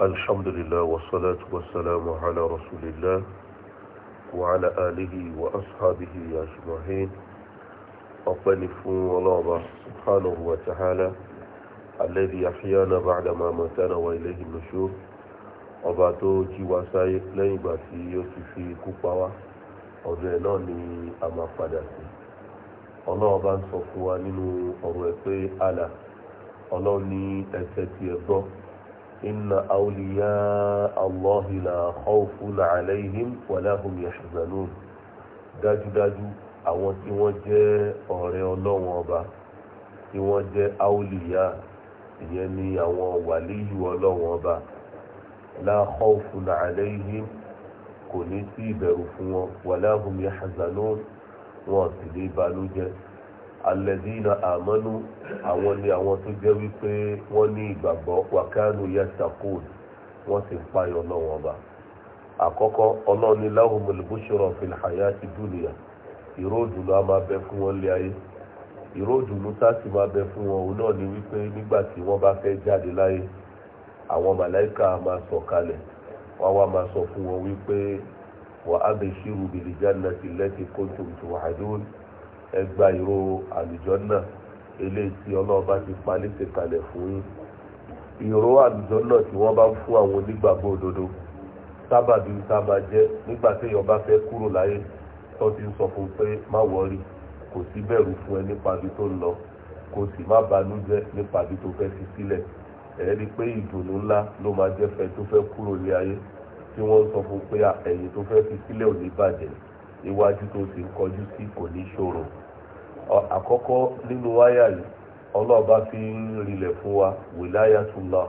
الحمد لله والصلاة والسلام على رسول الله وعلى آله وأصحابه يا أقبل فون الله سبحانه وتعالى الذي أحيانا بعد ما ماتنا وإليه النشور ọba tó jí wa sáyé lẹ́yìn ìgbà tí ó ti fi ikú pa wá ọ̀dọ̀ ẹ̀ náà ni a إن أولياء الله لا خوف عليهم ولا هم يحزنون dájúdájú àwọn tí wọ́n jẹ́ ọ̀rẹ́ ọlọ́run ọba tí wọ́n jẹ́ áúlìyá ìyẹn ni àwọn wàlíyù ọlọ́run ọba la khawfun alayhim kò ní sí ìbẹ̀rù fún wọn wala hum yahzanun wọn sì lè banújẹ́ alẹ́dínà àmọ́nú àwọn ni àwọn tó jẹ́ wípé wọ́n ní ìgbàgbọ́ wákàánù yàtàkù wọ́n sì ń payọ̀ náà wọn bá. àkọ́kọ́ ọlọ́ọ̀ni láhùnmọ̀lì bùṣọ̀rọ̀ fìlàyà ti dúnìyà ìró òdùnú á máa bẹ fún wọn lé ayé ìró òdùnú tá sì máa bẹ fún wọn òun náà ni wípé nígbà tí wọ́n bá fẹ́ jáde láyé àwọn màláìka máa sọ̀kalẹ̀ wọ́n wá máa sọ fún wọn wípé wà á bẹ ṣírù bìlìjà náà ti lẹ́tì ẹgbà ìró àlùjànnà eléyìí tí ọlọ́run bá ti pa léṣe kalẹ̀ fún yín ìró àlùjànnà tí wọ́n bá ń fún àwọn onígbàgbọ́ òdodo sábàbí tá a máa jẹ́ nígbà téèyàn bá fẹ́ kúrò láyé tó ti ń sọ fún un pé má wọ́ọ̀rì kò sí bẹ̀rù fún ẹ nípa ibi tó ń lọ kò sì má banújẹ́ nípa ibi tó fẹ́ fi sílẹ̀ ẹ̀ rí i pé ìdùnnú ńlá ló máa jẹ́ fẹ́ tó fẹ́ kúrò ní ayé tí wọ́n ń sọ fún pé ẹ̀yìn tó fẹ́ fi sílẹ̀ ò bàjẹ́ iwájú tó ti ń kọjú sí kò ní ṣòro àkọ́kọ́ nínú wáyà yìí ọlọ́ọ̀bá fi ń rinlẹ̀ fún wa wìláyàtúlá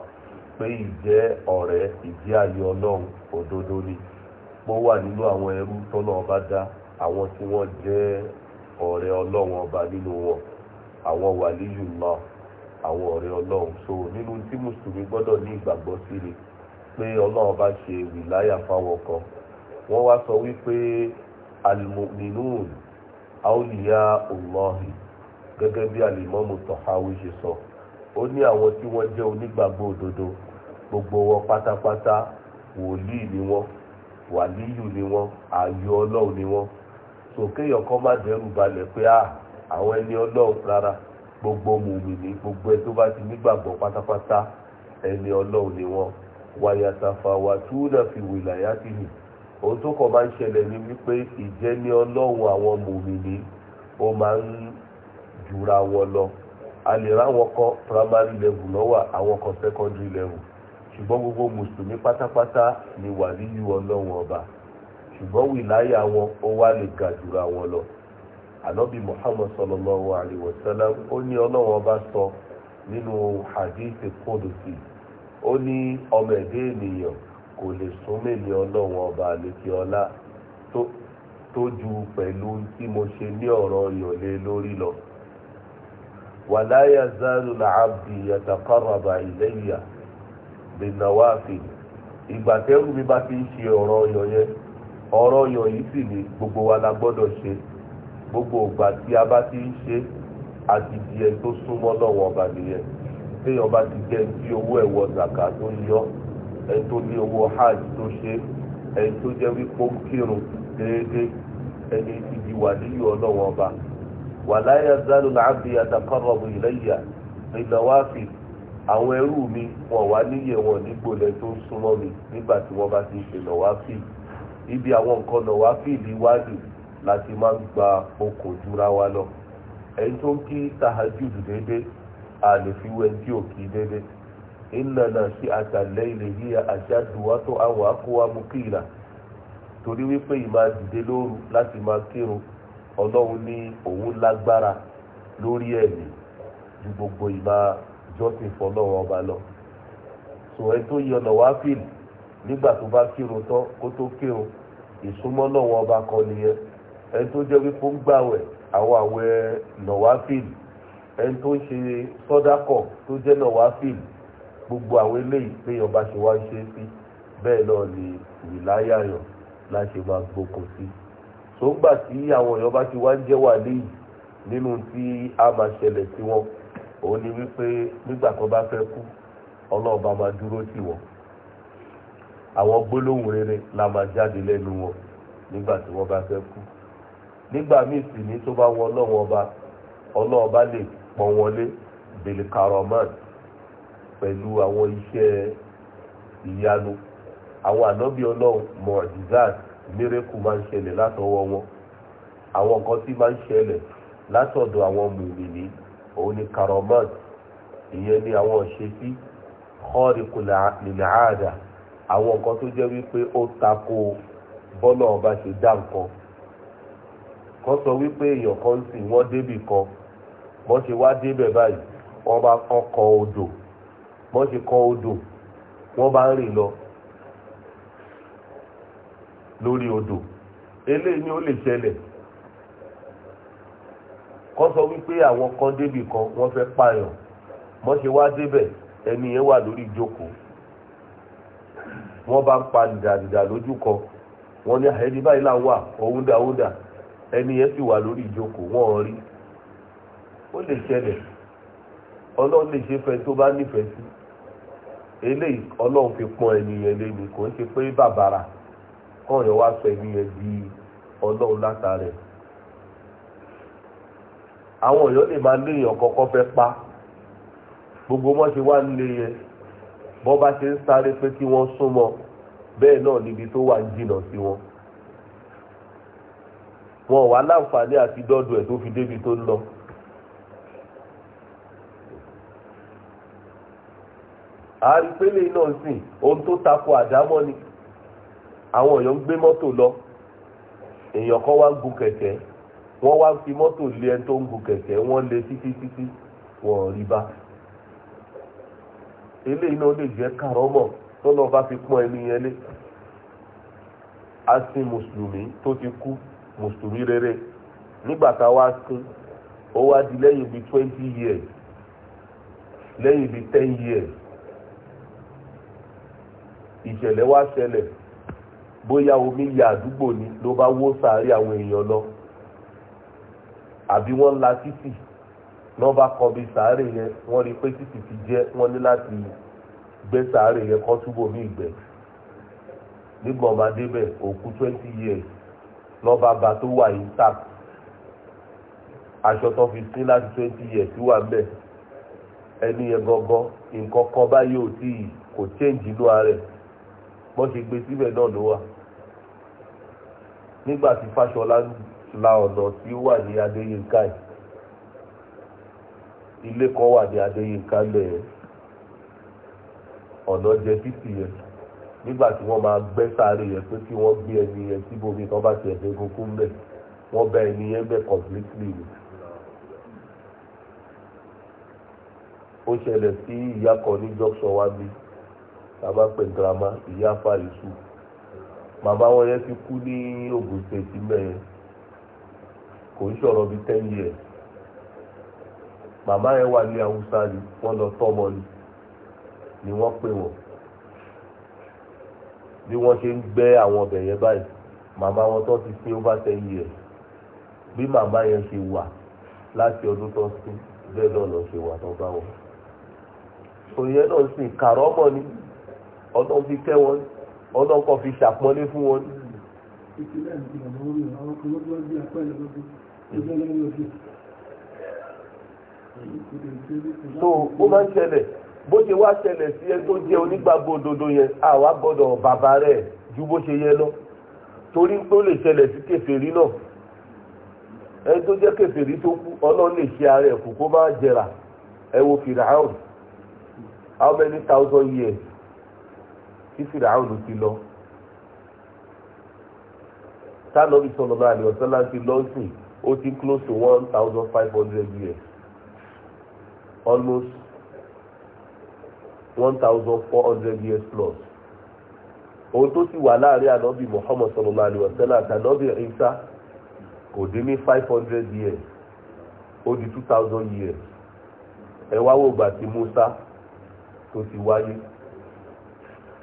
pé ìjẹ́ ọ̀rẹ́ ìjẹ́ ayé ọlọ́run òdodo ni mo wà nínú àwọn ẹrú tọ́lọ́ dá àwọn tí wọ́n jẹ́ ọ̀rẹ́ ọlọ́run ọba nínú wọn àwọn wàlíyùlá àwọn ọ̀rẹ́ ọlọ́run so nínú tí mùsùlùmí gbọ́dọ̀ ní ìgbàgbọ́ sí ni pé ọlọ́run bá ṣe wìláyà fáwọn kan wọ́n wá sọ wípé al-mu'minun awliya Allahi gẹ́gẹ́ bí alimọ́mù tọ́háwí ṣe sọ ó ní àwọn tí wọn jẹ́ onígbàgbọ́ òdodo gbogbo wọn pátápátá wòlíì ni wọn wàlíyù ni wọn ààyò ọlọ́run ni wọn sòkéyàn kan má dẹ́rù balẹ̀ pé à ah, àwọn ẹni ọlọ́run rárá gbogbo mùmìnì gbogbo ẹ tó bá ti nígbàgbọ́ pátápátá ẹni ọlọ́run ni wọ́n wàyàtàfà fi wìlàyà ti hì ohun tó kàn máa ń ṣẹlẹ̀ ni wípé ìjẹni ọlọ́run àwọn mòmìnì ó máa ń jura wọn lọ a lè ráwọn kọ primary level lọ́wọ́ àwọn kan secondary level gbogbo mùsùlùmí pátápátá ni ọlọ́run ọba ṣùgbọ́n wìláyà wọn ó wá lè ga jura wọn lọ ànábì muhammad sallallahu alayhi wa sallam ó ọba sọ nínú hadith qudsi ó ní ọmọ ẹ̀dẹ́ ènìyàn kò lè sún mèmí ọlọ́run ọba àlekè ọlá tó ju pẹ̀lú tí mo ṣe ní ọ̀rọ̀ ìyọ̀lẹ́ lórí lọ. wala yazalu al-abdi yataqarraba ilayya ìgbà tẹ́rù mi bá ti ń ṣe ọ̀rọ̀ ọyọ̀ yẹn ọ̀rọ̀ ọyọ̀ yìí sì ni gbogbo wa la gbọ́dọ̀ ṣe gbogbo ìgbà tí a bá ti ń ṣe àti di tó súnmọ́ lọ́wọ́ ọba nìyẹn téèyàn bá ti jẹ́ tí owó ẹ̀wọ̀ zàkà tó yọ ẹni tó ní owó hajj tó ṣe ẹni tó jẹ́ wípé kírun déédéé ẹni tí di wàlíyù ọlọ́wọ́ ọba wala yazalu al-abdi yataqarrabu ilayya bin-nawafil àwọn ẹrú mi wọn wá níyẹ wọn nígbò lẹ tó súnmọ́ mi nígbà tí wọ́n bá ti ṣe nawafil ibi àwọn nǹkan nawafil ìwádìí láti máa ń gba okò jura wa lọ ẹni tó ń kí tahajjud déédéé a lè fi wẹ́ńtí òkì déédéé inna nashi'ata al-layli hiya ashaddu wat'an wa awa qila torí wípé ìmáa dìde lóru láti máa kírun ọlọ́run ní òun lágbára lórí ẹ̀mí ju gbogbo ìmáa jọ́sìn fọlọ́run ọba lọ. sọ ẹ tó yẹ ọ̀nà wá fìlì nígbà tó bá kírun tán kó tó kírun ìsúnmọ́ ọba kan nìyẹn ẹ tó jẹ́ wípé ó ń gbàwẹ̀ àwọn àwẹ̀ nọ̀wá fìlì ẹ tó ń ṣe sọ́dákọ̀ tó jẹ́ gbogbo àwọn eléyìí pé ọba ṣe wá ṣe é sí bẹ́ẹ̀ náà ni wìláyàyàn láṣẹ máa gbókun sí tí àwọn èèyàn bá ti wá ń jẹ́ wà léyìí nínú tí a máa ṣẹlẹ̀ sí wọn òun ni wípé nígbà kan bá fẹ́ kú ọlọ́ọ̀ba máa dúró àwọn gbólóhùn rere la máa jáde wọn nígbà tí wọ́n bá fẹ́ kú nígbà míì sì ní tó bá ọba ọlọ́ọ̀ba lè wọlé bèlè pẹ̀lú àwọn iṣẹ́ ìyanu àwọn ànábì ọlọ́run mọ̀ọ́dìzáàt mírèkù máa ń ṣẹlẹ̀ látọwọ́ wọn àwọn kan tí máa ń ṣẹlẹ̀ látọ̀dọ̀ àwọn mùmìnì òun ni karomat ìyẹn ni àwọn ṣẹ́sí kọ́ọ̀rìkù lìlàáàdà àwọn nǹkan tó jẹ́ wípé ó tako bọ́lá ọba ṣe dá nǹkan kan sọ wípé èèyàn kan si wọ́n débì kan wọ́n ṣe wá débẹ̀ báyìí wọ́n bọ́n ṣe kan odò wọ́n bá ń rìn lọ lórí odò eléyìí ni ó lè ṣẹlẹ̀ kọ́ sọ wípé àwọn kan débì kan wọ́n fẹ́ pààyàn wọ́n ṣe wá débẹ̀ ẹni yẹn wà lórí ìjókòó wọ́n bá ń pa dìdàdìdà lójú kan wọ́n ní ẹni báyìí là ń wà òun dà òun dà ẹni yẹn sì wà lórí ìjókòó wọ́n rí ó lè ṣẹlẹ̀ ọlọ́run lè ṣe fẹ́ tó bá nífẹ̀ẹ́ sí eléyìí ọlọ́run fi ènìyàn lé léni kò ń ṣe pé bàbàrà kọ́ọ̀yàn wá sọ ènìyàn di ọlọ́run látàrẹ̀ àwọn èèyàn lè máa léèyàn kọ́kọ́ fẹ́ pa gbogbo wọn ṣe wá ń yẹn bọ́ bá ṣe ń sáré pé kí wọ́n súnmọ́ bẹ́ẹ̀ náà níbi tó wà ń jìnnà sí wọn wọn wà láǹfààní àti dọ́dọ̀ ẹ̀ tó fi débi tó ń lọ. àárípélé náà sìn ohun tó tako àdámọ́ ni àwọn èèyàn ń gbé mọ́tò lọ èèyàn kan wá ń gun kẹ̀kẹ́ wọ́n wá ń fi mọ́tò lé ẹni tó ń gun kẹ̀kẹ́ wọ́n lé títí títí wọ́n rí bá eléyìí náà lè jẹ́ kàrọ́mọ̀ tọ́lọ́ bá fi pọ́n ẹni a sin mùsùlùmí tó ti kú mùsùlùmí rere nígbà tá a wá sin ó wá di lẹ́yìn bíi twenty years lẹ́yìn bíi years ìṣẹ̀lẹ̀ wá ṣẹlẹ̀ bóyá omi ya àdúgbò ni ló bá wó sàárè àwọn èèyàn lọ àbí wọ́n la títì náà bá kọbi sàárè yẹn wọ́n rí pé títì ti jẹ́ wọ́n ní láti gbé sàárè yẹn kọ́ túbọ̀ mí ìgbẹ́ nígbà ọmọ adébẹ̀ òkú twenty years lọ́ba bá tó wà yìí tap aṣọ tó fi sí láti twenty years wà mbẹ̀ ẹni yẹn gangan nǹkan kan báyìí ò tí kò change inú ara rẹ̀ bó ṣe gbé síbẹ̀ náà ló wà nígbà tí Fáṣọlá la ọ̀nà tí ó wà ní Adéyínká yìí ilé kan wà ní Adéyínká lẹ̀ ọ̀nà jẹ títì yẹn nígbà tí wọ́n máa gbẹ́ sáré yẹn pé kí wọ́n gbé ẹni yẹn síbòmí kan bá ti ẹ̀fẹ́ egungun mẹ́ wọ́n bá ẹni yẹn bẹ́ completely ni. ó ṣẹlẹ̀ sí ìyá kan ní junction wa bíi bàbá pẹ̀ girama ìyá fàrísù bàbá wọn yẹn ti kú ní Ògùn state mẹ́rin kò ń sọ̀rọ̀ bíi ten years màmá yẹn wà ní Haúsá ni wọ́n lọ tọ́mọ ni ni wọ́n pè wọ́n bí wọ́n ṣe ń gbẹ́ àwọn ọbẹ̀ yẹn báyìí màmá wọn tó ti sin over ten years bí màmá yẹn ṣe wà láti ọdún tó sí bẹ́ẹ̀ náà lọ ṣe wà tó bá wọn. òye náà sì kàrọ́mọ̀ ni ọlọ́run fi wọn ọlọ́run kan fi fún wọn. so ó máa ń ṣẹlẹ̀ bó ṣe wá ṣẹlẹ̀ sí ẹ tó jẹ́ onígbàgbọ́ òdodo torí lè ṣẹlẹ̀ sí náà tó jẹ́ tó kú ọlọ́run lè ṣe kó jẹrà ẹ wo fìràhàn how tí fìràhùn ti lọ tánàbí sọlọ́lá àlùwọ̀sọ́lá ti lọ́sìn ó ti close to one thousand five hundred years almost one thousand four hundred years plus ohun tó sì wà láàrin ànábì Muhammad sọlọ́lá àlùwọ̀sọ́lá àtànábì Ìsá kò dín ní five hundred years ó di two thousand years ẹ wá wò gbà Musa tó ti wáyé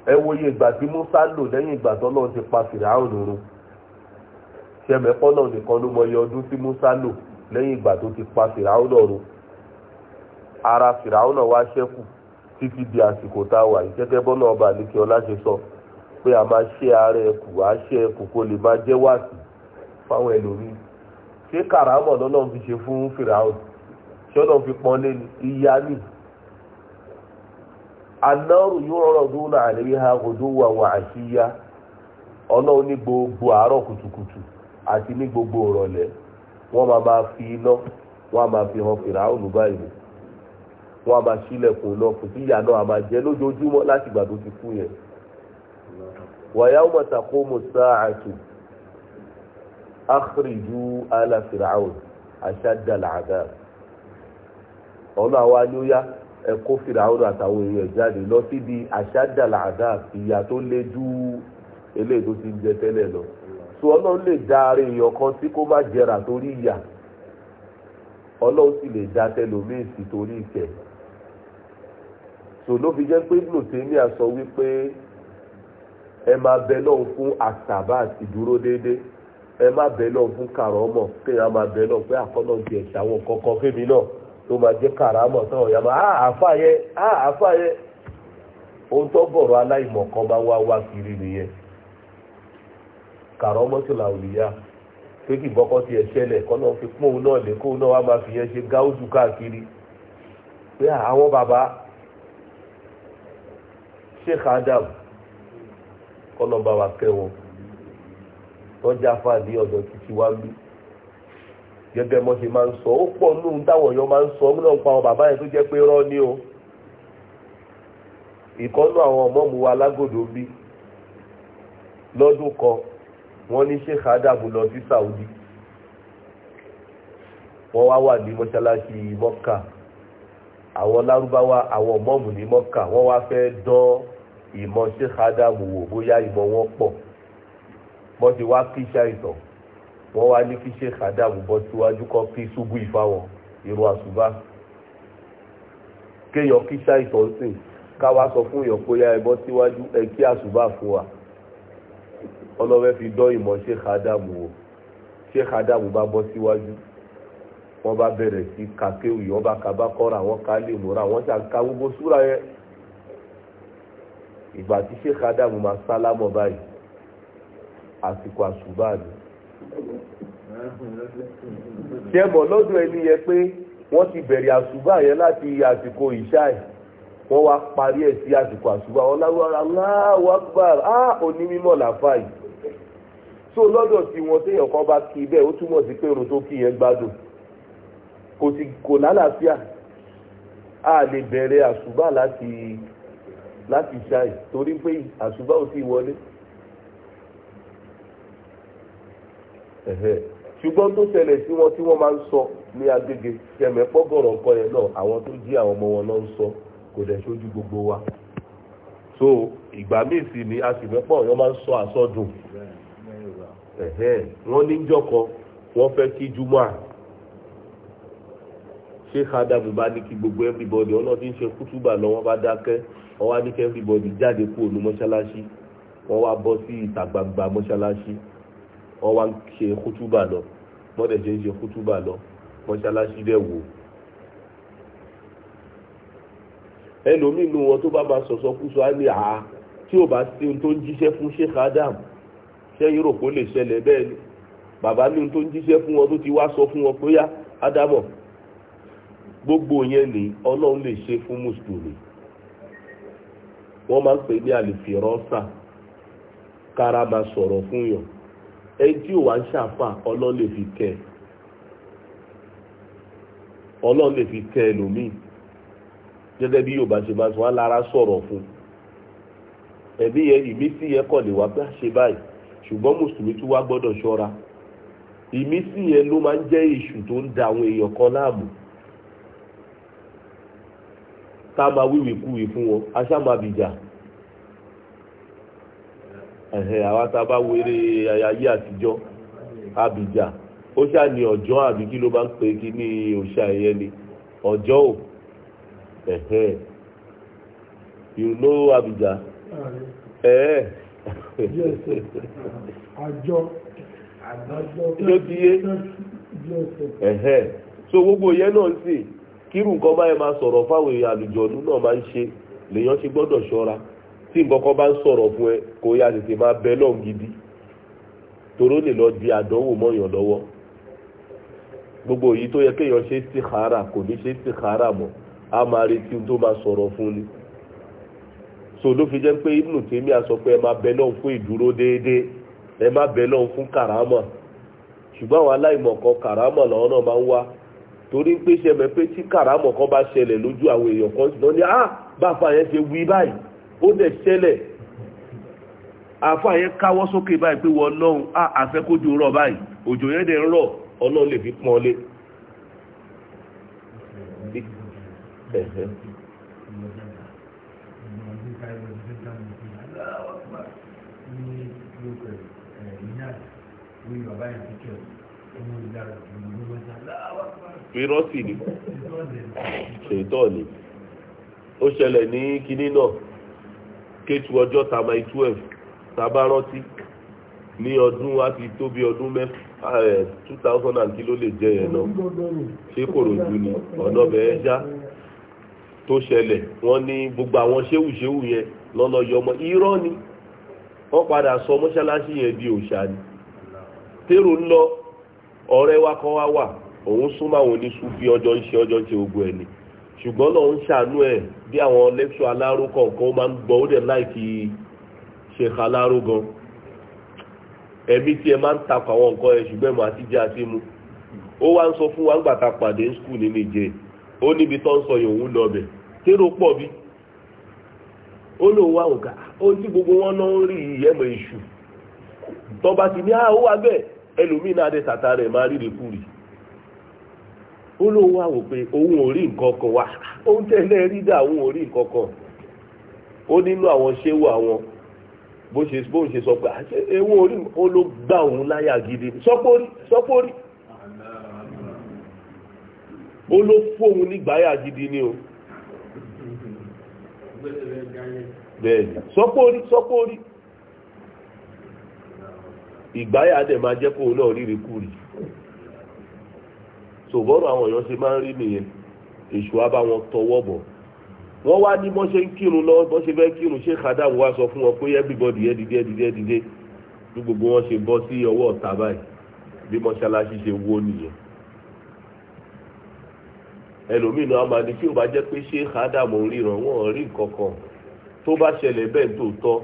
ẹ wo iye ìgbà tí Musa lò lẹ́yìn ìgbà tó lọ́n ti pa fìràhùn run ṣẹmẹ̀kọ́ náà nìkan ló mọ iye ọdún tí Musa lò lẹ́yìn ìgbà tó ti pa fìràhùn run ara fìràhùn náà wá ṣẹ́kù títí di àsìkò tá a wà yìí gẹ́gẹ́ bọ́nà ọba àlekè ọlá ṣe sọ pé a máa ṣe ara ẹkù á ṣe ẹkù kó lè máa jẹ́ wáàsì fáwọn ẹlòmíì ṣé kàràmọ̀ lọ́nà fi ṣe fún fìràhùn ṣọ́nà fi pọ́n lé ìyá nìyí anáàrù yuraduna alayha ghuduwwan wa ashiya ọlọ́run ní gbogbo àárọ̀ kùtùkùtù àti ní gbogbo ìrọ̀lẹ́ wọ́n máa máa fi iná wọ́n máa fi hàn Fìráùnù báyìí wọ́n máa ṣílẹ̀kùn náà kò sí ìyá náà máa jẹ lójoojúmọ́ láti ìgbà ti kú yẹn. wa ọ̀nà àwa ni ó yá ẹ kó fìràwọ́n àtàwọn èèyàn jáde lọ síbi àṣàdàlà àdá ìyà tó lé jù eléyìí tó ti ń jẹ tẹ́lẹ̀ lọ so ọlọ́run lè dá ara èèyàn kan tí kó má jẹrà torí ìyà ọlọ́run sì lè dá tẹlómìn sí torí ìkẹ́ so ló fi jẹ́ pé ibùdó tèmíà sọ wípé ẹ máa bẹ lọ́hùn fún àtàbà àti dúró déédéé ẹ má bẹ lọ́hùn fún kàrọ́mọ̀ kéèyàn máa bẹ lọ́hùn pé àkọ́nà ti ẹ̀ ṣàwọn kọ̀ọ̀kan fẹ́mi náà tó máa jẹ́ kàràmọ̀ táwọn yàrá máa ah, àáfà yẹ ah, àáfà yẹ ohun tó bọ̀rọ̀ aláìmọ̀ kan bá wá wá kiri nìyẹn kàràmọ̀ tó làwọn ìyá pé kí bọ́kọ́ tiẹ̀ ṣẹlẹ̀ kọ́ náà fi pọ́n òun náà lé kóun náà wá máa fi yẹn ṣe gáúsù káàkiri pé ah, àwọn bàbá Sheikh Adam kọ́ náà bá wa kẹ́ tọ́jà fà ọ̀dọ̀ títí wá bí gẹ́gẹ́ mọ́ ṣe máa ń sọ ó pọ̀ nínú táwọn èèyàn máa ń sọ ọ́n náà pa àwọn bàbá yẹn tó jẹ́ pé rọ́ ni o ìkọ́nú àwọn ọmọ mu wa lágòdò bí lọ́dún kan wọ́n ní Sheikh Adamu lọ sí Saudi wọ́n wá wà ní mọ́ṣáláṣí mọ́kà àwọn lárúbáwá àwọn mọ́ọ̀mù ní mọ́kà wọ́n wá fẹ́ dán ìmọ̀ Sheikh Adamu wò bóyá ìmọ̀ wọn pọ̀ bọ́n ti wá kí ṣàìsàn wọ́n wá ní kí sheikh adam bọ́ síwájú kọ́ kí ṣubú ìfáwọn irú àṣùbá kéèyàn kí ṣàìsàn sìn káwa sọ fún èèyàn pé ya ẹbọ síwájú ẹ kí àṣùbá fún wa ọlọ́wẹ́ fi dán ìmọ̀ sheikh adam wò sheikh adam bá bọ́ síwájú wọ́n bá bẹ̀rẹ̀ sí kàkéwì wọ́n bá kaba kọ́ra wọ́n ká lè múra wọ́n ṣàǹkà gbogbo súra yẹn ìgbà tí sheikh adam máa sálámọ̀ báyìí àsìkò àṣùbá ni ṣe mọ̀ lọ́dọ̀ ẹni yẹ pé wọ́n ti bẹ̀rẹ̀ àṣùbà yẹn láti àsìkò ìṣáì wọ́n wá parí ẹ̀ sí àsìkò àṣùbà wọn láwùrọ̀ aláwọ̀ akbar á òní mímọ̀ làfà yìí tó lọ́dọ̀ tí wọn téèyàn kan bá kí bẹ́ẹ̀ ó túmọ̀ sí pé irun tó kí yẹn gbádùn kò sì kò lálàáfíà á lè bẹ̀rẹ̀ àṣùbà láti láti ṣáì torí pé àṣùbà ò tí wọlé. ṣùgbọ́n tó ṣẹlẹ̀ sí wọn tí wọ́n máa ń sọ ní agbègbè ṣẹ̀mẹ̀ pọ́gọ̀rọ̀ nǹkan yẹn náà àwọn tó jí àwọn ọmọ wọn náà ń sọ kò dẹ̀ ṣojú gbogbo wa so ìgbà míì sì ni aṣèmẹ́pọ̀ yẹn máa ń sọ àsọdùn wọ́n níjọ́ kan wọ́n fẹ́ kí júmọ́ à sheikh adamu bá ní kí gbogbo everybody ọlọ́dún ṣe kútúbà lọ wọ́n bá dákẹ́ wọ́n wá ní kí everybody jáde kúrò ní mọ́ṣáláṣí wọ́n wá bọ́ sí ìta mọ́ṣáláṣí wọ́n wá ń ṣe kútúbà lọ wọ́n dẹ̀ ṣe ń ṣe kútúbà lọ mọ́ṣáláṣí dẹ̀ wò. ẹlòmíín nu wọn tó bá máa sọ̀sọ́ kú sọ á ní àá tí ò bá sí ohun tó ń jíṣẹ́ fún Sheikh Adam sẹ́yìn rò kó lè ṣẹlẹ̀ bẹ́ẹ̀ ni bàbá ní ohun tó ń jíṣẹ́ fún wọn tó ti wá sọ fún wọn pé yá Ádámọ̀ gbogbo yẹn ni Ọlọ́run lè ṣe fún mùsùlùmí wọ́n máa ń pè ní àlèfèrọ́sà kára máa sọ̀rọ̀ fún yàn Eji tí ò wá ń ṣàfà ọlọ́run lè fi kẹ́ ẹ lè fi kẹ́ ẹlòmíì gẹ́gẹ́ bí yorùbá ṣe máa sọ lára sọ̀rọ̀ fún ẹ̀mí yẹn ìmísí yẹn kọ̀ lè wá bá ṣe báyìí ṣùgbọ́n mùsùlùmí tún wá gbọ́dọ̀ ṣọ́ra ìmísí yẹn ló máa ń jẹ́ tó ń da àwọn èèyàn kan láàmú ká máa wíwèé fún wọn aṣá máa bìjà ehe tá a bá wéré ayé àtijọ́ Abìjà ó ṣáà ní ọjọ́ àbí kí ló bá ń pè kí ní òṣà ẹ̀yẹ ni ọjọ́ ò you know Abìjà? ẹ̀ẹ́ àjọ so gbogbo yẹn náà sì kírun nǹkan báyẹn máa sọ̀rọ̀ fáwọn náà máa ń ṣe lèèyàn tí nǹkan kan bá ń sọ̀rọ̀ fún ẹ kó yá tètè máa bẹ lọ́hùn gidi toró lè lọ di àdánwò mọ́yàn lọ́wọ́ gbogbo èyí tó yẹ kéèyàn ṣe istikhara kò ní ṣe istikhara mọ́ a máa retí tó máa sọ̀rọ̀ fún ni so ló fi jẹ́ pé Ibnu Taymiyyah sọ pé ẹ máa bẹ lọ́hùn fún ìdúró déédéé ẹ máa bẹ lọ́hùn fún kàrámà ṣùgbọ́n àwọn aláìmọ̀ kan kàrámà làwọn náà máa ń wá torí pé ṣẹlẹ̀ pé tí kàrámọ̀ kan bá ṣẹlẹ̀ lójú àwọn èèyàn kan sì náà ní à ah, bá a fa yẹn ṣe wí báyìí ó dẹ̀ ṣẹlẹ̀ àfà yẹn káwọ́ sókè báyìí pé wọ́n lọ́hùn á àfẹ́kójú báyìí òjò dẹ̀ ń lè fi pọ́n lé irọ́ ó ṣẹlẹ̀ ní kétu ọjọ́ tamai twelve tábà rántí ní ọdún wa ti tó bí ọdún mẹ́fà two thousand and kí lè jẹ́ yẹn náà ṣé kòròdú ni ọ̀nà bẹ́ẹ̀ já tó ṣẹlẹ̀ wọ́n ní gbogbo àwọn ṣéwù ṣéwù yẹn lọ́lọ́ yọmọ irọ́ ni wọ́n padà sọ mọ́ṣáláṣí yẹn di òòṣà ni tèrò ń lọ ọ̀rẹ́ wa kọ́ wá wà òun súnmọ́ àwọn oníṣùfì ọjọ́ ń ṣe ọjọ́ ń ṣe gbogbo ẹ̀ ni ṣùgbọ́n lọ́ọ́ ń ṣàánú ẹ̀ bí àwọn lẹ́kṣọ́ aláró kọ̀ọ̀kan ó máa ń gbọ́ ó dẹ̀ láìkí ṣèkà aláró gan ẹ̀mí tí ẹ máa ń takọ̀ àwọn nǹkan ẹ̀ ṣùgbọ́n ẹ̀mọ́ àti jẹ́ àti mu ó wá ń sọ fún wa ń gbàtà pàdé ní skul ní nìjẹ́ ó níbi tó ń sọ yòówù lọ́bẹ̀ térò pọ̀ bí ó lóun wá òǹkà ó tí gbogbo wọn náà ń rí ìyẹ́mọ̀ èṣù tọ́ba ti ní àwọn ah, wà bẹ́ẹ̀ ẹlòmíín rẹ̀ máa rí rèkúrì ó ló wá wò pé òun ò rí nǹkan kan wá òun tẹ̀lé rí dà òun ò rí nǹkan kan ó nínú àwọn ṣéwò àwọn bó ṣe bó ṣe sọ pé ah, ewu orí ó ló gbá òun láyà gidi sọpórí sọpórí ó ló fóun nígbàáyà gidi ni o bẹ́ẹ̀ni sọpórí sọpórí ìgbáyà dẹ̀ máa jẹ́ kóun náà rírí kúrì sòbọ́rọ̀ àwọn èèyàn ṣe máa ń rí nìyẹn èṣù á bá wọn tọwọ́ bọ̀ wọ́n wá ní bọ́n ṣe ń kírun lọ bọ́n ṣe fẹ́ kírun ṣé kádàmù wá sọ fún wọn pé everybody ẹ dìde ẹ dìde ẹ dìde bí gbogbo wọn ṣe bọ́ sí ọwọ́ ọ̀tá báyìí bí mọ́ṣáláṣí ṣe wó nìyẹn ẹlòmínú amadi tí ó bá jẹ́ pé ṣé kádàmù ríran wọn rí nǹkan tó bá ṣẹlẹ̀ bẹ́ẹ̀ tó tọ́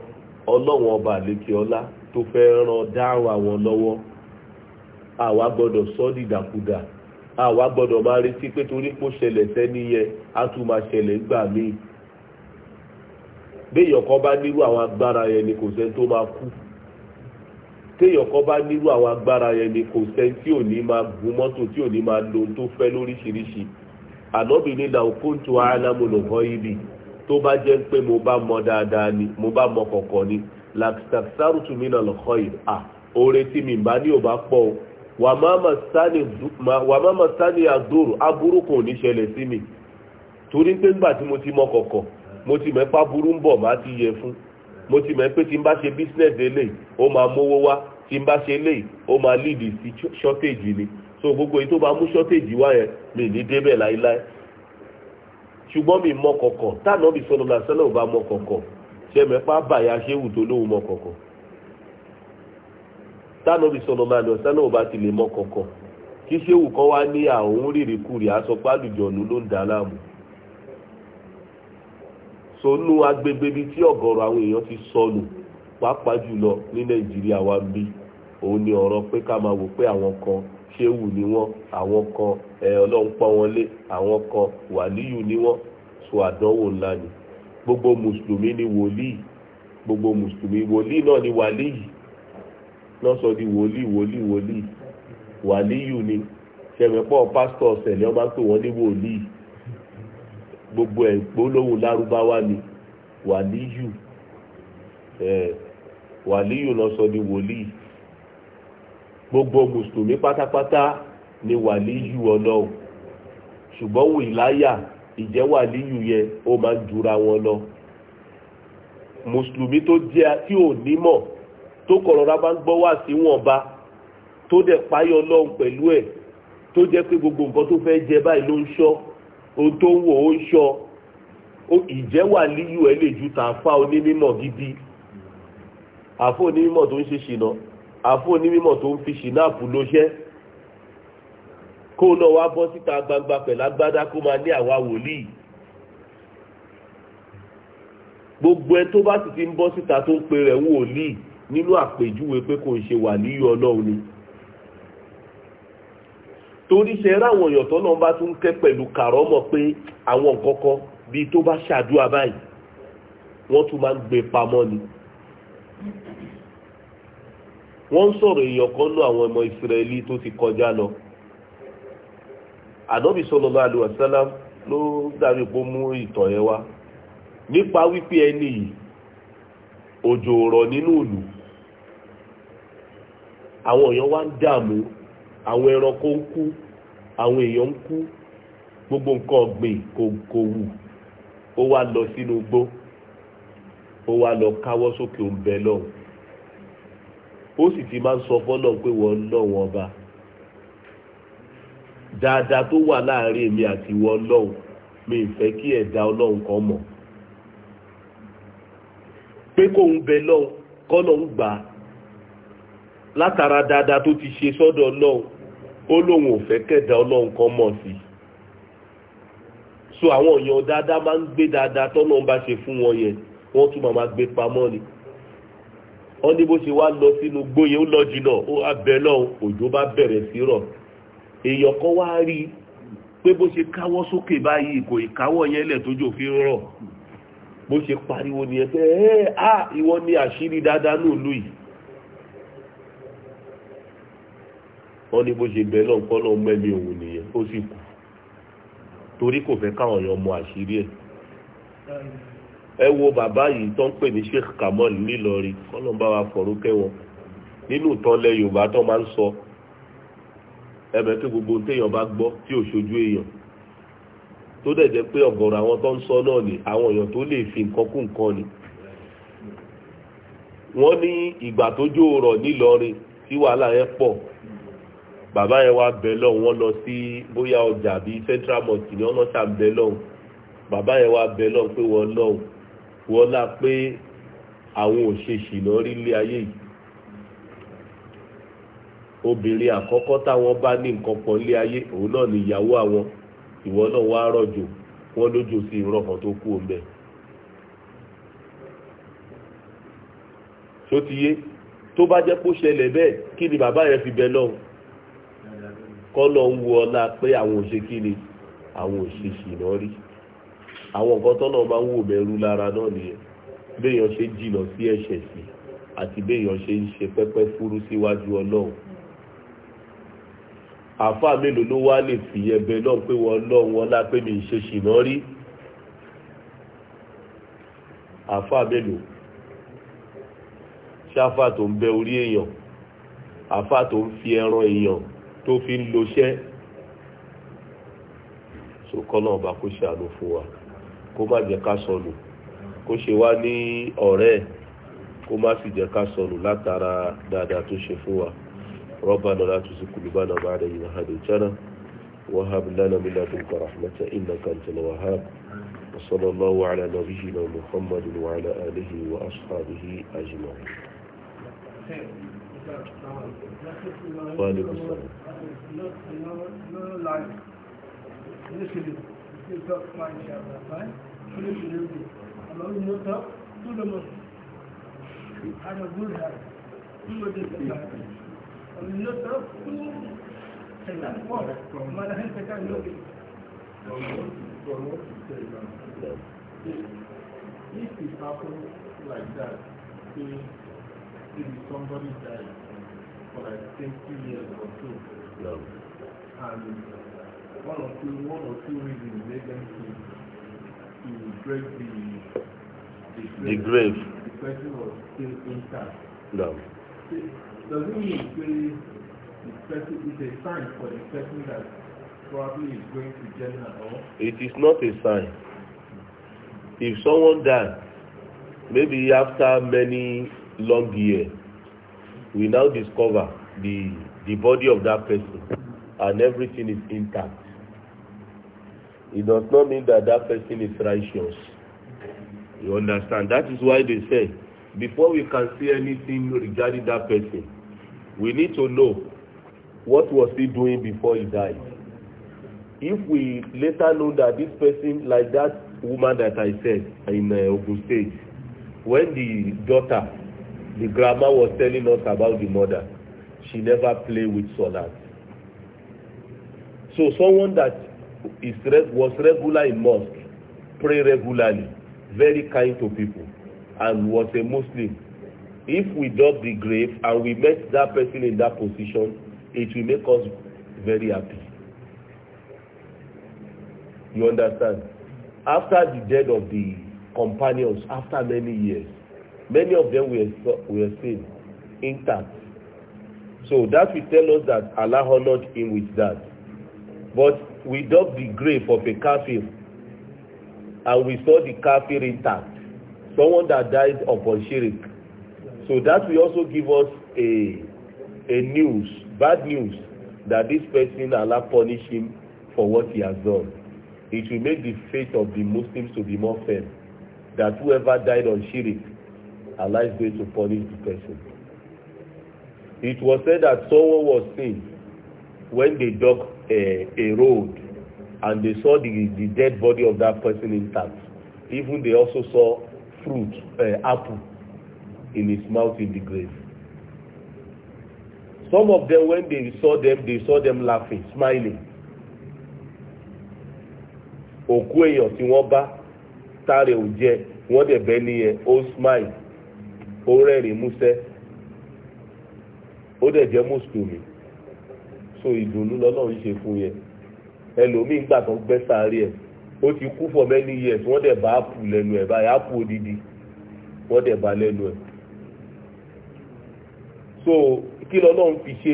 ọlọ́run ọba àlékè ọlá tó fẹ́ ràn dáhùn àwọn lọ́wọ́ àwa gbọ́dọ̀ sọ́ dìdàkudà àwa gbọ́dọ̀ máa retí pé torí kó ṣẹlẹ̀ sẹ́ni yẹn á tún máa ṣẹlẹ̀ gbà míì béèyàn bá nírú àwọn agbára yẹn ni kò sẹ́ni tó máa kú téèyàn bá nírú àwọn agbára yẹn ni kò sẹ́ni tí ò ní máa gun mọ́tò tí ò ní máa lo tó fẹ́ lóríṣiríṣi ànábì ní la òkúńtù alámúlòkọ́ ibi tó bá jẹ́ pé mo bá mọ dáadáa ni mo bá mọ kọ̀kọ̀ ni làkìtàkìtàrùtùmínà lọ́kọ́ yìí à oore mi bá ní ò bá pọ̀ wà má má sani àdúró aburú kò ní ṣẹlẹ̀ sí mi torí pé nígbà tí mo ti mọ kọ̀kọ̀ mo ti mẹ́pá burú ń bọ̀ má ti yẹ fún mo ti mẹ́ pé tí n bá ṣe business eléyìí ó máa mówó wá tí n bá ṣe eléyìí ó máa lead sí shortage ni so gbogbo èyí tó bá mú shortage wá yẹn mi ní débẹ̀ láéláé ṣùgbọ́n mi mọ kọ̀kọ̀ náà mọ kọ̀kọ̀ mẹ́pá ṣéwù tó lóhùn mọ kọ̀kọ̀ tánàbí sọ̀rọ̀ máa lọ sẹ́nà ọba ti lè mọ kọ̀ọ̀kan kí ṣéwù kan wá ní àwọn rírì kúrì àsọpá àlùjọ̀nù ló ń dà láàmú. sọnù agbègbè bíi tí ọ̀gọ̀rọ̀ àwọn èèyàn ti sọnù pàápàá jùlọ ní nàìjíríà wa ń bí òun ni ọ̀rọ̀ pé ká máa wò pé àwọn kan ṣéwù ni wọ́n àwọn kan ẹ ọlọ́run pọ́n wọn lé àwọn kan wàlíyù ni wọ́n so àdánwò ńlá ni gbogbo mùsùlùmí ni wòlíì gbogbo mùsùlùmí wòlíì náà ni wàlíyì lọ́sọ̀ di wòlíì wòlíì wòlíì wàlíyù ni sẹ̀mẹ̀pọ̀ pásítọ̀ sẹ̀lẹ̀ ọba pé wọ́n ní wòlíì gbogbo ẹ̀ gbólóhùn lárúbáwá ni wàlíyù wàlíyù lọ́sọ̀ di wòlíì gbogbo mùsùlùmí pátápátá ni wàlíyù ọlọ́run ṣùgbọ́n wìláyà ìjẹ́ wàlíyù yẹn ó máa ń jura wọn lọ mùsùlùmí tó jẹ́ tí ò nímọ̀ tó kọ̀rọ̀ra bá ń gbọ́ wá sí wọn ba tó dẹ̀ páyọ̀ ọlọ́run pẹ̀lú ẹ̀ tó jẹ́ pé gbogbo nǹkan tó fẹ́ jẹ báyìí ló ń ṣọ́ ohun tó ń wò ó ń ṣọ́ ìjẹ́wà líyù ẹ̀ lè ju tàǹfà onímọ̀ gidi àfọ onímọ̀ tó ń ṣe ṣìnà àfọ onímọ̀ tó ń fi ṣìnáàpù lóṣẹ́ kó náà wá bọ́ síta gbangba pẹ̀lágbádá kó máa ní àwa wòlíì gbogbo ẹ tó bá sì ti ń bọ́ síta tó ń pe rẹ̀ wòlíì nínú àpèjúwe pé kò ń ṣe wà níyọ ọlọ́run ni torí ṣe ráwọn èèyàn tó náà bá tún kẹ́ pẹ̀lú kàrọ́mọ̀ pé àwọn nǹkan kan bíi tó bá ṣàdúrà báyìí wọ́n tún máa ń gbé pamọ́ ni. wọ́n ń sọ̀rọ̀ èèyàn kan nú àwọn ọmọ ìsirẹ́lì tó ti kọjá lọ. ànábì sallallahu alaihi wasallam ló dàbí pé ó mú ìtàn yẹn wá nípa wípé ẹni yìí òjò rọ̀ nínú ìlú àwọn èèyàn wá ń dààmú àwọn ẹranko ń kú àwọn èèyàn ń kú gbogbo nǹkan ọ̀gbìn kò kò wù ó wá lọ sínú igbó ó wá lọ káwọ́ sókè ó ń bẹ lọ́hùn ó sì ti máa ń sọ fọ́ náà pé wọ́n wọn ọba dáadáa tó wà láàrin èmi àti wọ́n lọ́hùn mi ì kí ẹ̀dá ọlọ́hùn kan mọ̀ pé kóun bẹ lọ́hùn kọ́lọ̀ ń gbà á látara dáadáa tó ti ṣe sọ́dọ̀ ọlọ́run ó lóun ò fẹ́ kẹ̀dá ọlọ́run kan mọ̀ sí i so àwọn èèyàn dáadáa máa ń gbé dáadáa tọ́nà ń bá ṣe fún wọn yẹn wọ́n tún máa gbé pamọ́ ni wọ́n ní bó ṣe wá lọ sínú gbóyè ó lọ jìnnà ó abẹ lọ́hùn òjò bá bẹ̀rẹ̀ sí rọ̀ èèyàn kan wá rí i pé bó ṣe káwọ́ sókè báyìí kò ìkáwọ́ yẹn lẹ̀ tójò fi rọ̀ bó ṣe pariwo nìyẹn pé ẹ́ eh, à ìwọ ni àṣírí dáadáa ní ìlú yìí wọ́n ní bó ṣe bẹ̀ lọ́n kọ́ lọ́n mẹ́mí òun nìyẹn ó sì kú torí kò fẹ́ káwọn èèyàn mọ àṣírí ẹ̀ ẹ wo bàbá yìí tó ń pè ní Sheikh Kamal nílọrin kọ́lọ́n bá wa fọ̀rọ̀ kẹ́wọn nínú ìtọ́lẹ̀ Yorùbá tó máa ń sọ ẹ̀bẹ̀ tó gbogbo téèyàn bá gbọ́ tí ò ṣojú èèyàn tó dẹ̀ jẹ́ pé ọ̀gọ̀rọ̀ àwọn tó ń sọ náà ni àwọn èèyàn tó lè fi nǹkan kún nǹkan ni wọ́n ní ìgbà tó jó rọ̀ nílọrin tí wàhálà yẹn pọ̀ bàbá yẹn wá bẹ̀ lọ́hùn wọ́n lọ sí bóyá ọjà bíi central mosque ni wọ́n lọ́ sàm bẹ̀ lọ́hùn bàbá yẹn wá bẹ̀ lọ́hùn pé wọ́n lọ́hùn wọ́n lá pé àwọn òṣèṣì náà rí ilé ayé yìí obìnrin àkọ́kọ́ táwọn bá ní nǹkan pọ̀ ilé ayé òun náà ni ìyàwó àwọn ìwọ náà wá rọ̀jò wọ́n lójò sí ìrọ̀kan tó kú ọ̀nbẹ. tó ti yé tó bá jẹ́ kó ṣẹlẹ̀ bẹ́ẹ̀ kí ni bàbá yẹn fi bẹ lọ́hùn kọ́ lọ ń wo ọlá pé àwọn ò ṣe kí ni àwọn ò ṣe ṣìnà rí àwọn nǹkan tọ́nà máa ń wò mẹ́rú lára náà nìyẹn béèyàn ṣe jìnà sí ẹ̀ṣẹ̀ sí àti béèyàn ṣe ń ṣe pẹ́pẹ́ fúrú síwájú ọlọ́run àfa mélòó ló wá lè fi ẹ̀bẹ̀ náà pé wọn lọ́n wọn lápé mi ṣe ṣìnà rí àfa mélòó ṣáfà tó ń bẹ orí èèyàn àfa tó ń fi ẹran èèyàn tó fi ń loṣẹ́ sòkọ́ náà bá kó ṣàánú fún wa kó má jẹ́ ká sọnù kó ṣe wá ní ọ̀rẹ́ kó má sì jẹ́ ká sọnù látara dáadáa tó ṣe fún wa. ربنا لا تزغ قلوبنا بعد إذ هديتنا وهب لنا من لدنك رحمة إنك أنت الوهاب وصلى الله على نبينا محمد وعلى آله وأصحابه أجمعين Thank you. nosotros se transforma, más la gente está loca. If it happens like that, say, if somebody died for like 20 years or so, no. and one or two, one or two reasons made them to, to break the, the grave, the grave, the person was still intact. No. doesn't mean pé the person is a sign for the person that probably is going to jail at all. It is not a sign. If someone dies, maybe after many long years, we now discover the the body of that person and everything is intact. It does not mean that that person is righteous. You understand? That is why they say, before we can see anything regarding that person, we need to know what was he doing before he died if we later know that this person like that woman that I said in uh, Ogun State when the daughter the grandma was telling us about the mother she never play with solat so someone that is was regular in mosque pray regularly very kind to people and was a Muslim if we dug the grave and we met that person in that position it will make us very happy you understand after the death of the companions after many years many of them were were still intact so that will tell us that Allah honored him with that but we dug the grave of a kafir and we saw the kafir intact someone that died upon shirk So that will also give us a a news, bad news, that this person Allah punish him for what he has done. It will make the faith of the Muslims to be more firm. That whoever died on Shirik, Allah is going to punish the person. It was said that someone was seen when they dug a, eh, a road and they saw the, the dead body of that person intact. Even they also saw fruit, uh, apple in his mouth in the grave. Some of them, when they saw them, they saw them laughing, smiling. Òkú èèyàn tí wọ́n bá tààrẹ ò jẹ, wọ́n dẹ̀ bẹ́ nìyẹn, ó smile, ó rẹ́rìn músẹ́, ó dẹ̀ jẹ́ mùsùlùmí. So ìdùnnú lọ́nà ń ṣe fún yẹn. Ẹlòmíì ń gbà tán gbẹ́ sáré ẹ̀. Ó ti kú for many years, wọ́n dẹ̀ bá àpù lẹ́nu ẹ̀ báyìí, àpù odidi, wọ́n dẹ̀ bá lẹ́nu ẹ̀ so kí lọ́lọ́run fi ṣe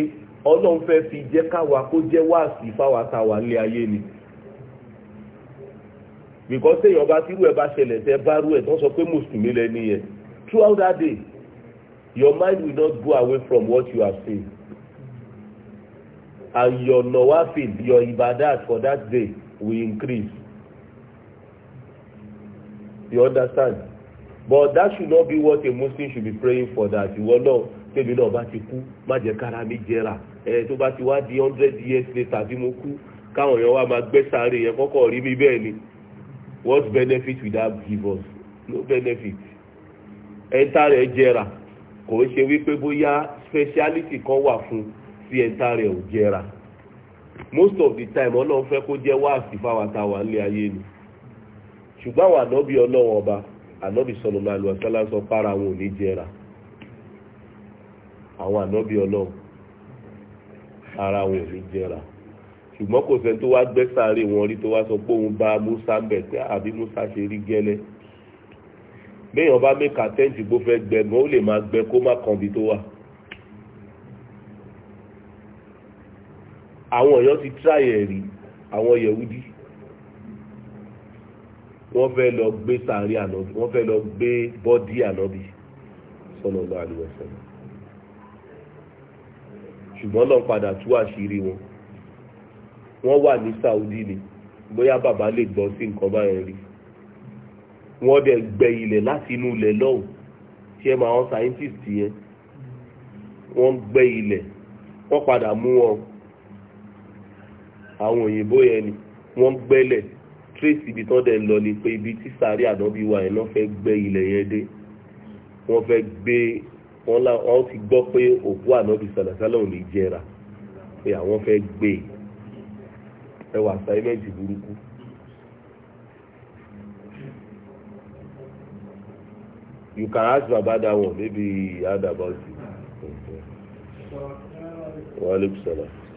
ọlọ́run fẹ́ fi jẹ́ káwa kó jẹ́ wáàsí fáwa ta wà ayé ni because téèyàn bá tírú ẹ̀ bá ṣẹlẹ̀ tẹ́ bá rú ẹ̀ tó ń sọ pé mùsùlùmí lẹ́ni yẹn throughout that day your mind will not go away from what you have seen and your nawafin, your ibadat for that day will increase you understand but that should not be what a muslim should be praying for that ìwọ náà tèmi náà bá ti kú má jẹ́ kára mi jẹrà ẹ tó bá ti wá di hundred years later bí mo kú káwọn èèyàn wá máa gbé sáré yẹn kọ́kọ́ rí mi bẹ́ẹ̀ ni what benefit will that give us no benefit ẹ̀ńtà rẹ̀ jẹrà kò ń ṣe wípé bóyá speciality kan wà fún sí ẹ̀ńtà rẹ̀ ò jẹrà most of the time ọlọ́run fẹ́ kó jẹ́ wáàsí fáwọn àtàwọn ilé ayé ni ṣùgbọ́n àwọn ànábì ọlọ́run ọba ànábì sallallahu alaihi wasallam sọ para àwọn òní jẹra àwọn ànábì ọlọ́run ara wọn òní jẹra ṣùgbọ́n kò sẹ́ni tó wá gbẹ́ sáré wọn rí tó wá sọ pé òun bá Musa ń bẹ̀ pé àbí Musa ṣe rí gẹ́lẹ́ béèyàn bá mẹ́ka tẹ́ǹtì gbó fẹ́ gbẹ gan ó lè máa gbẹ kó má kan ibi tó wà. àwọn èèyàn ti tíráyẹ̀ rí àwọn Yẹ̀wúdí wọ́n fẹ́ lọ gbé sàárì ànábì wọ́n fẹ́ lọ gbé bọ́dí ànábì sallallahu alaihi wasallam ṣùgbọ́n náà padà tú àṣírí wọn wọ́n wà ní Saudi ni bóyá bàbá lè gbọ́ sí nǹkan báyẹn rí wọ́n dẹ̀ gbẹ ilẹ̀ láti inú ilẹ̀ lọ́hùn tí ẹ máa wọn scientist yẹn wọ́n gbẹ ilẹ̀ wọ́n padà mú wọn àwọn òyìnbó yẹn ni wọ́n gbẹ́lẹ̀ trace ibi tán dẹ̀ lọ ni pé ibi tí sáré ànábì wà yẹn náà fẹ́ gbẹ́ ilẹ̀ yẹn dé wọ́n fẹ́ gbé wọ́n la wọ́n ti gbọ́ pé òkú ànábì sàlàsálà ò ní jẹrà pé àwọn fẹ́ gbé ẹ wà assignment burúkú. you can ask baba that one maybe he had about it. wa aleykum salaam.